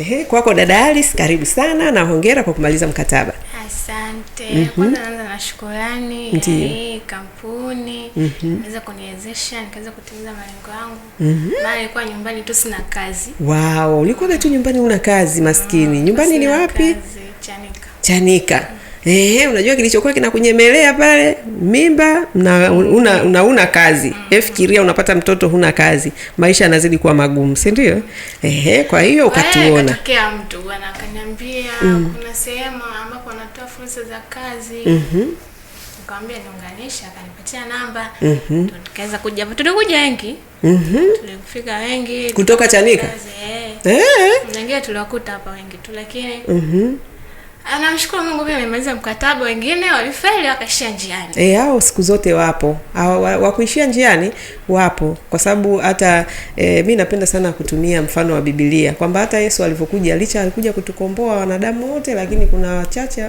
Ehe, kwako dada Alice, karibu sana na hongera kwa kumaliza mkataba. Asante. Mm -hmm. Kwanza naanza na shukrani hii kampuni mm -hmm. imeweza kuniwezesha nikaweza kutimiza malengo yangu. Mm -hmm. Maana nilikuwa nyumbani tu sina kazi. Wow, ulikuwa tu nyumbani una kazi maskini. Mm -hmm. Nyumbani ni wapi? Kazi, Chanika. Chanika. Mm. Ehe, unajua kilichokuwa kinakunyemelea pale mimba na una, una, una kazi. Fikiria unapata mtoto huna kazi, maisha yanazidi kuwa magumu, si ndio? Ehe, kwa hiyo ukatuona. Katokea mtu bwana akaniambia mm. kuna sehemu ambapo anatoa fursa za kazi. Mhm. Mm Nikamwambia niunganisha, akanipatia namba. Mhm. Mm Tukaweza kuja. Tulikuja wengi. Mhm. Mm Tulifika wengi. Kutoka Chanika? Eh. eh? Wengi tuliwakuta hapa wengi tu lakini. Mhm. Mm Anamshukuru Mungu pia amemaliza mkataba, wengine walifeli wakaishia njiani. Eh, hao siku zote wapo. Wakuishia njiani wapo, kwa sababu hata e, eh, mi napenda sana kutumia mfano wa Biblia kwamba hata Yesu alivyokuja, licha alikuja kutukomboa wanadamu wote, lakini kuna wachache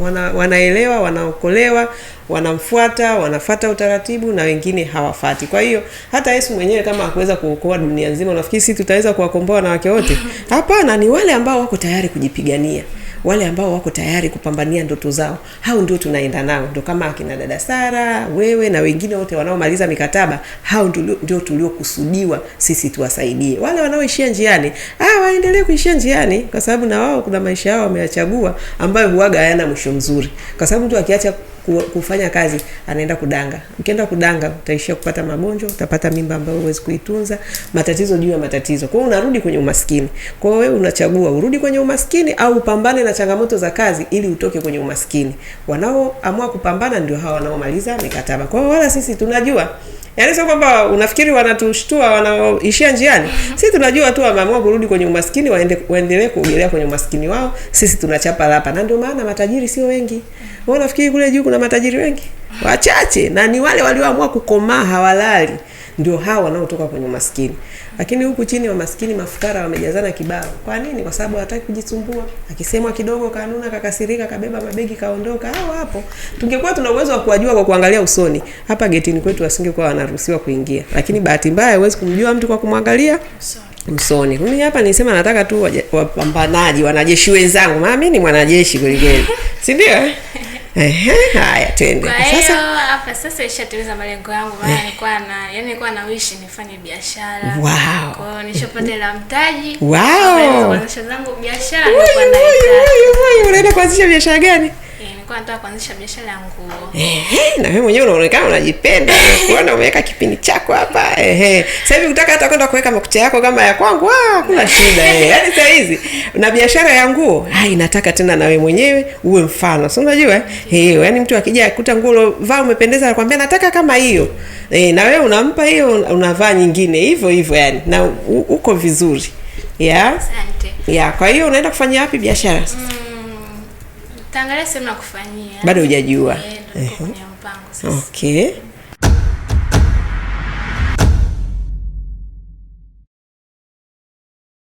wana, wanaelewa wanaokolewa, wanamfuata, wanafata utaratibu na wengine hawafati. Kwa hiyo hata Yesu mwenyewe kama hakuweza kuokoa dunia nzima, unafikiri sisi tutaweza kuwakomboa wanawake wote? Hapana, ni wale ambao wako tayari kujipigania wale ambao wako tayari kupambania ndoto zao, hao ndio tunaenda nao, ndio kama akina dada Sara, wewe na wengine wote wanaomaliza mikataba, hao ndio tuliokusudiwa sisi tuwasaidie. Wale wanaoishia njiani, ah, waendelee kuishia njiani, kwa sababu na wao kuna maisha yao wameyachagua ambayo huaga hayana mwisho mzuri, kwa sababu mtu akiacha kufanya kazi anaenda kudanga. Ukienda kudanga utaishia kupata magonjwa, utapata mimba ambayo huwezi kuitunza, matatizo juu ya matatizo. kwao unarudi kwenye umaskini. Kwa hiyo wewe unachagua urudi kwenye umaskini au upambane na changamoto za kazi ili utoke kwenye umaskini. Wanaoamua kupambana ndio hawa wanaomaliza mikataba. Kwa hiyo wala sisi tunajua Yaani sio kwamba unafikiri wanatushtua wanaoishia njiani. Sisi tunajua tu wameamua kurudi kwenye umaskini waende, waendelee kuogelea kwenye umaskini wao. Sisi tunachapa lapa. Na ndio maana matajiri sio wengi wewe unafikiri kule juu kuna matajiri wengi? Wachache, na ni wale walioamua kukomaa hawalali, ndio hao wanaotoka kwenye umaskini. Lakini huku chini wa maskini mafukara wamejazana kibao. Kwa nini? Kwa sababu hataki kujisumbua. Akisemwa kidogo kanuna, kakasirika, kabeba mabegi, kaondoka. Hao hapo. Tungekuwa tuna uwezo wa kuwajua kwa kuangalia usoni. Hapa getini kwetu wasingekuwa wanaruhusiwa kuingia. Lakini bahati mbaya huwezi kumjua mtu kwa kumwangalia msoni. Mimi hapa nisema nataka tu wapambanaji, wanajeshi wenzangu. Maana mimi ni mwanajeshi kweli kweli. Si ndio? Eh? Ehe, haya twende. Kwa hiyo hapa sasa ishatimiza malengo yangu maana eh, nilikuwa na yani nilikuwa na wish nifanye biashara. Wow. Kwa hiyo nishapata ile mtaji. Wow. Kwa hiyo zangu biashara nilikuwa na. Unaenda kuanzisha biashara gani? nilikuwa nataka kuanzisha biashara ya nguo. Ehe, na wewe mwenyewe unaonekana unajipenda, unaona umeweka kipindi chako hapa. Ehe. Sasa hivi unataka hata kwenda kuweka makucha yako kama ya kwangu, ah, kuna shida. Eh, yaani sasa hizi na biashara ya nguo, ah, inataka tena na wewe mwenyewe uwe mfano. Si unajua? Eh, yaani mtu akija akuta nguo ulovaa umependeza anakuambia nataka kama hiyo. Eh, na wewe unampa hiyo unavaa nyingine hivyo hivyo yani. Na u, uko vizuri. Yeah. Asante. Yeah, kwa hiyo unaenda kufanya wapi biashara sasa? Mm. Taangalia sehemu ya kufanyia. Bado hujajua. Okay.